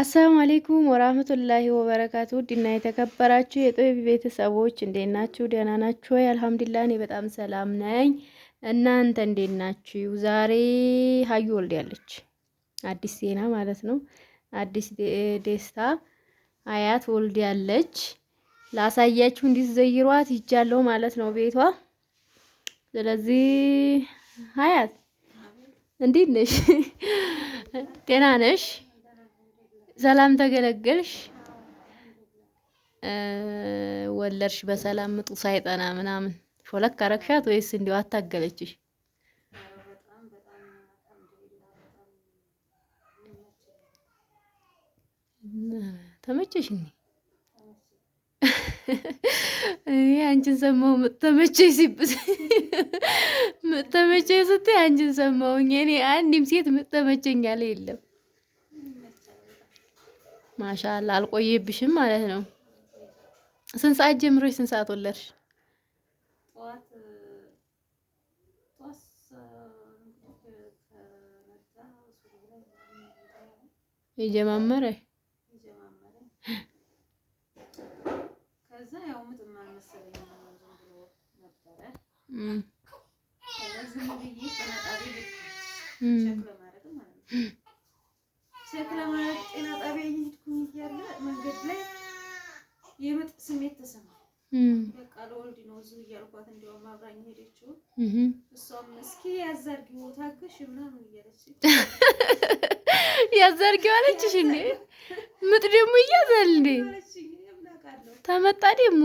አሰላሙ አሌይኩም ወራህመቱላሂ ወበረካቱ ውድና የተከበራችሁ የጥበብ ቤተሰቦች እንዴት ናችሁ? ደህና ናችሁ ወይ? አልሐምዱሊላ እኔ በጣም ሰላም ነኝ። እናንተ እንዴት ናችሁ? ዛሬ ሀዩ ወልዳለች። አዲስ ዜና ማለት ነው። አዲስ ደስታ አያት ወልዳለች። ላሳያችሁ እንዲት ዘይሯት ይጃለሁ ማለት ነው ቤቷ። ስለዚህ አያት እንዴት ነሽ? ደህና ነሽ? ሰላም ተገለገልሽ ወለድሽ በሰላም ምጡ ሳይጠና ምናምን ሾለክ አረግሻት ወይስ እንዲሁ አታገለችሽ? ተመቸሽ? እኔ እኔ አንቺን ሰማሁ። ተመቸሽ ሲብስ ተመቸሽ ስትይ አንቺን ሰማሁኝ። እኔ አንድም ሴት ምጠመቸኛል የለም ማሻላ አልቆየብሽም ማለት ነው። ስንት ሰዓት ጀምሮች ስንት ሰዓት ወለድሽ? የጀማመረ ከዛ ቼክ ማለት ጤና ጣቢያ እየሄድኩኝ እያለ መንገድ ላይ የምጥ ስሜት ተሰማ በቃ ለወልድ ነው እዚሁ እያልኳት እንዲያውም አብራኝ ሄደችው። እሷም እስኪ ያዛርጊው ታግሽ ምናምን እያለች ያዛርጊው አለችሽ እንዴ? ምጥ ደግሞ እያዛል እንዴ? ተመጣ ደግሞ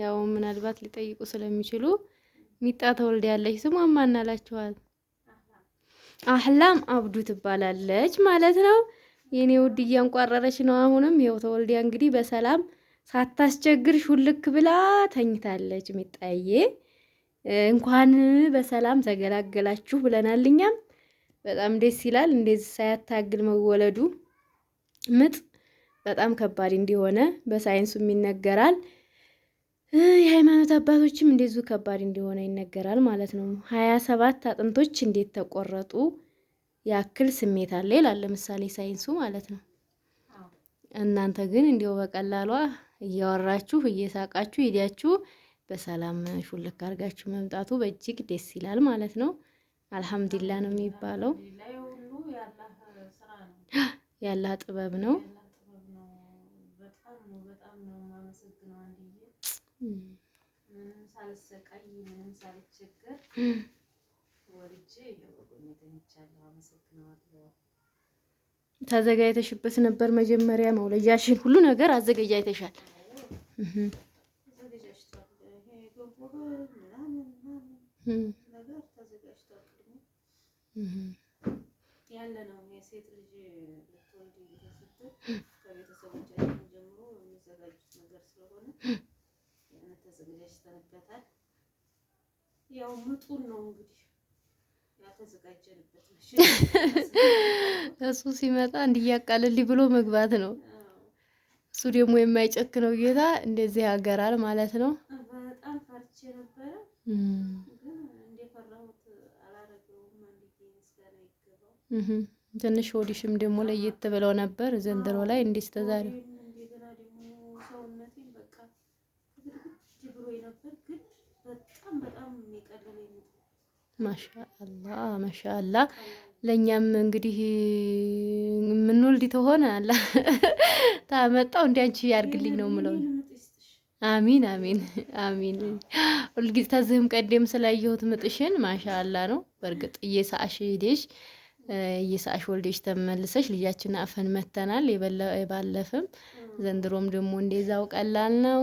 ያው ምናልባት ሊጠይቁ ስለሚችሉ ሚጣ ተወልድ ያለች ስሟ ማን አላችኋል? አህላም አብዱ ትባላለች ማለት ነው። የኔ ውድ እያንቋረረች ነው። አሁንም ይኸው ተወልዲያ እንግዲህ በሰላም ሳታስቸግር ሹልክ ብላ ተኝታለች። ሚጣዬ እንኳን በሰላም ተገላገላችሁ ብለናል። እኛም በጣም ደስ ይላል እንደዚህ ሳያታግል መወለዱ ምጥ በጣም ከባድ እንዲሆነ በሳይንሱም ይነገራል። የሃይማኖት አባቶችም እንደዙ ከባድ እንደሆነ ይነገራል ማለት ነው። ሀያ ሰባት አጥንቶች እንዴት ተቆረጡ ያክል ስሜት አለ ይላል ለምሳሌ ሳይንሱ ማለት ነው። እናንተ ግን እንዲያው በቀላሏ እያወራችሁ እየሳቃችሁ ሂዲያችሁ በሰላም ሹልክ አድርጋችሁ መምጣቱ በእጅግ ደስ ይላል ማለት ነው። አልሐምዱላ ነው የሚባለው። ያላህ ጥበብ ነው። ምንም ሳልሰቃይ ምንም ሳልቸገር ወልጄ ተኝቻለሁ። አመሰግነዋለሁ። ተዘጋጅተሽበት ነበር መጀመሪያ መውለጃሽን ሁሉ ነገር አዘገጃጅተሻል። ያለ ነው ተዘጋጅተንበታል። ያው ምጡን ነው እንግዲህ እሱ ሲመጣ እንዲያቃልልኝ ብሎ መግባት ነው። እሱ ደግሞ የማይጨክነው ጌታ እንደዚህ ያገራል ማለት ነው። ትንሽ ወዲሽም ደግሞ ለየት ብለው ነበር ዘንድሮ ላይ እንዲስተዛሬው ማሻአላ ማሻአላ። ለእኛም እንግዲህ የምንወልድ ተሆነ አላ ታመጣው እንዲ አንቺ ያርግልኝ ነው ምለው። አሚን አሚን አሚን። ሁልጊዜ ተዝህም ቀደም ስላየሁት ምጥሽን ማሻአላ ነው። በእርግጥ እየሳአሽ ሄደሽ እየሳአሽ ወልደሽ ተመልሰሽ ልጃችን አፈን መተናል። የባለፈም ዘንድሮም ደግሞ እንደዛው ቀላል ነው።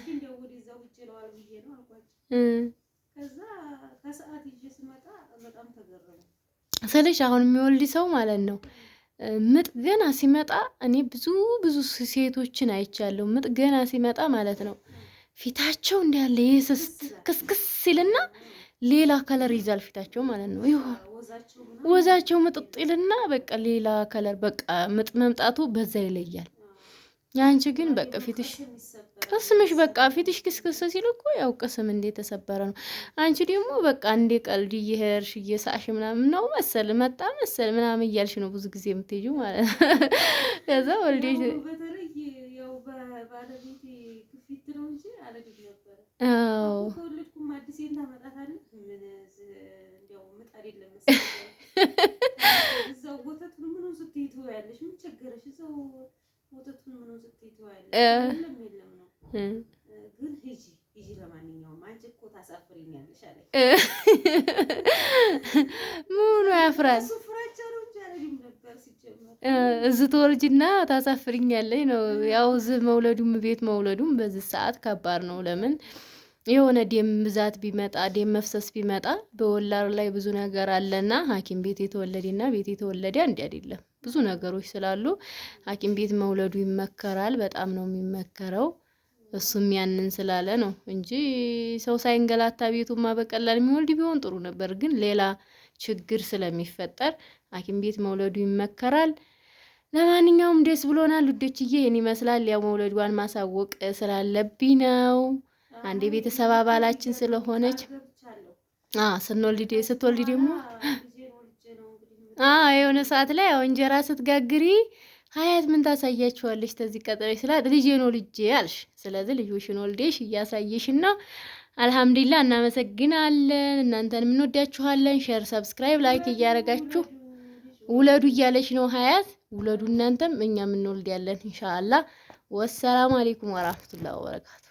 ስልሽ አሁን የሚወልድ ሰው ማለት ነው። ምጥ ገና ሲመጣ እኔ ብዙ ብዙ ሴቶችን አይቻለሁ። ምጥ ገና ሲመጣ ማለት ነው ፊታቸው እንዳለ የስስት ክስክስ ሲልና ሌላ ከለር ይዛል ፊታቸው ማለት ነው። ይሆን ወዛቸው ምጥጥ ይልና በቃ ሌላ ከለር በቃ ምጥ መምጣቱ በዛ ይለያል። የአንቺ ግን በቃ ፊትሽ ቅስምሽ በቃ ፊትሽ ክስክስ ሲል እኮ ያው ቅስም ተሰበረ ነው። አንቺ ደግሞ በቃ እንዴ ቀልድ እየሄድሽ እየሳሽ ምናምን ነው መሰል መጣ መሰል ምናምን እያልሽ ነው ብዙ ጊዜ የምትሄጂው ማለት ነው። ከዛ ወልዴ አዎ ምኑ ያፍራል? እዚህ ተወልጅና ታሳፍሪኛለች ነው። ያው እዚህ መውለዱም ቤት መውለዱም በዚህ ሰዓት ከባድ ነው። ለምን የሆነ ደም ብዛት ቢመጣ ደም መፍሰስ ቢመጣ በወላር ላይ ብዙ ነገር አለና ሐኪም ቤት የተወለደና ቤት የተወለደ አንድ አይደለም። ብዙ ነገሮች ስላሉ ሐኪም ቤት መውለዱ ይመከራል። በጣም ነው የሚመከረው። እሱም ያንን ስላለ ነው እንጂ ሰው ሳይንገላታ ቤቱማ በቀላል የሚወልድ ቢሆን ጥሩ ነበር። ግን ሌላ ችግር ስለሚፈጠር ሐኪም ቤት መውለዱ ይመከራል። ለማንኛውም ደስ ብሎናል ውዶችዬ፣ ይህን ይመስላል። ያው መውለዷን ማሳወቅ ስላለብኝ ነው። አንድ የቤተሰብ አባላችን ስለሆነች ስትወልድ ደግሞ የሆነ ሰዓት ላይ ያው እንጀራ ስትጋግሪ ሀያት ምን ታሳያችኋለች? ተዚህ ቀጠረች ስላት ልጄ ነው ልጄ አልሽ። ስለዚህ ልጆሽን ወልዴሽ እያሳየሽና አልሐምዱሊላ እናመሰግናለን። እናንተን የምንወዳችኋለን። ሼር፣ ሰብስክራይብ፣ ላይክ እያረጋችሁ ውለዱ እያለች ነው ሀያት። ውለዱ እናንተም እኛ የምንወልድ ያለን ኢንሻአላህ። ወሰላሙ አሌይኩም ወራህመቱላሂ ወበረካቱ